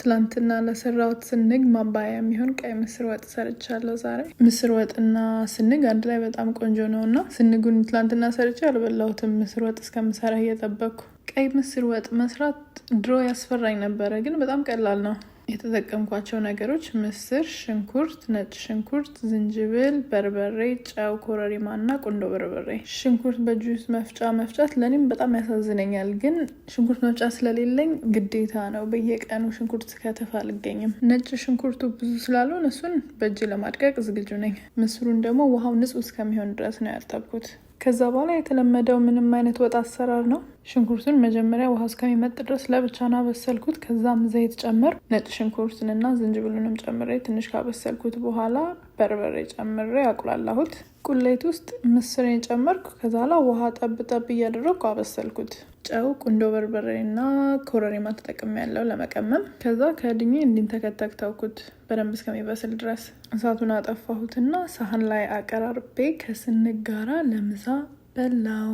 ትላንትና ለሰራሁት ስንግ ማባያ የሚሆን ቀይ ምስር ወጥ ሰርቻለሁ። ዛሬ ምስር ወጥና ስንግ አንድ ላይ በጣም ቆንጆ ነው እና ስንጉን ትላንትና ሰርቼ አልበላሁትም። ምስር ወጥ እስከምሰራ እየጠበቅኩ ቀይ ምስር ወጥ መስራት ድሮ ያስፈራኝ ነበረ፣ ግን በጣም ቀላል ነው። የተጠቀምኳቸው ነገሮች ምስር፣ ሽንኩርት፣ ነጭ ሽንኩርት፣ ዝንጅብል፣ በርበሬ፣ ጨው፣ ኮረሪማ እና ቁንዶ በርበሬ። ሽንኩርት በጁስ መፍጫ መፍጫት ለእኔም በጣም ያሳዝነኛል፣ ግን ሽንኩርት መፍጫ ስለሌለኝ ግዴታ ነው። በየቀኑ ሽንኩርት ከተፍ አልገኝም። ነጭ ሽንኩርቱ ብዙ ስላልሆን እሱን በእጅ ለማድቀቅ ዝግጁ ነኝ። ምስሩን ደግሞ ውሃው ንጹህ እስከሚሆን ድረስ ነው ያጠብኩት። ከዛ በኋላ የተለመደው ምንም አይነት ወጥ አሰራር ነው። ሽንኩርቱን መጀመሪያ ውሃ እስከሚመጥ ድረስ ለብቻ በሰልኩት። ከዛም ዘይት ጨመር ነጭ ሽንኩርትንና ዝንጅብሉንም ጨምሬ ትንሽ ካበሰልኩት በኋላ በርበሬ ጨምሬ አቁላላሁት። ቁሌት ውስጥ ምስሬን ጨመርኩ። ከዛላ ውሃ ጠብ ጠብ እያደረግኩ አበሰልኩት። ጨው፣ ቁንዶ በርበሬና ኮረሪማ ተጠቅሜ ያለው ለመቀመም። ከዛ ከድኜ እንዲንተከተክ ተውኩት በደንብ እስከሚበስል ድረስ። እሳቱን አጠፋሁትና ሳህን ላይ አቀራርቤ ጋራ ለምሳ በላው።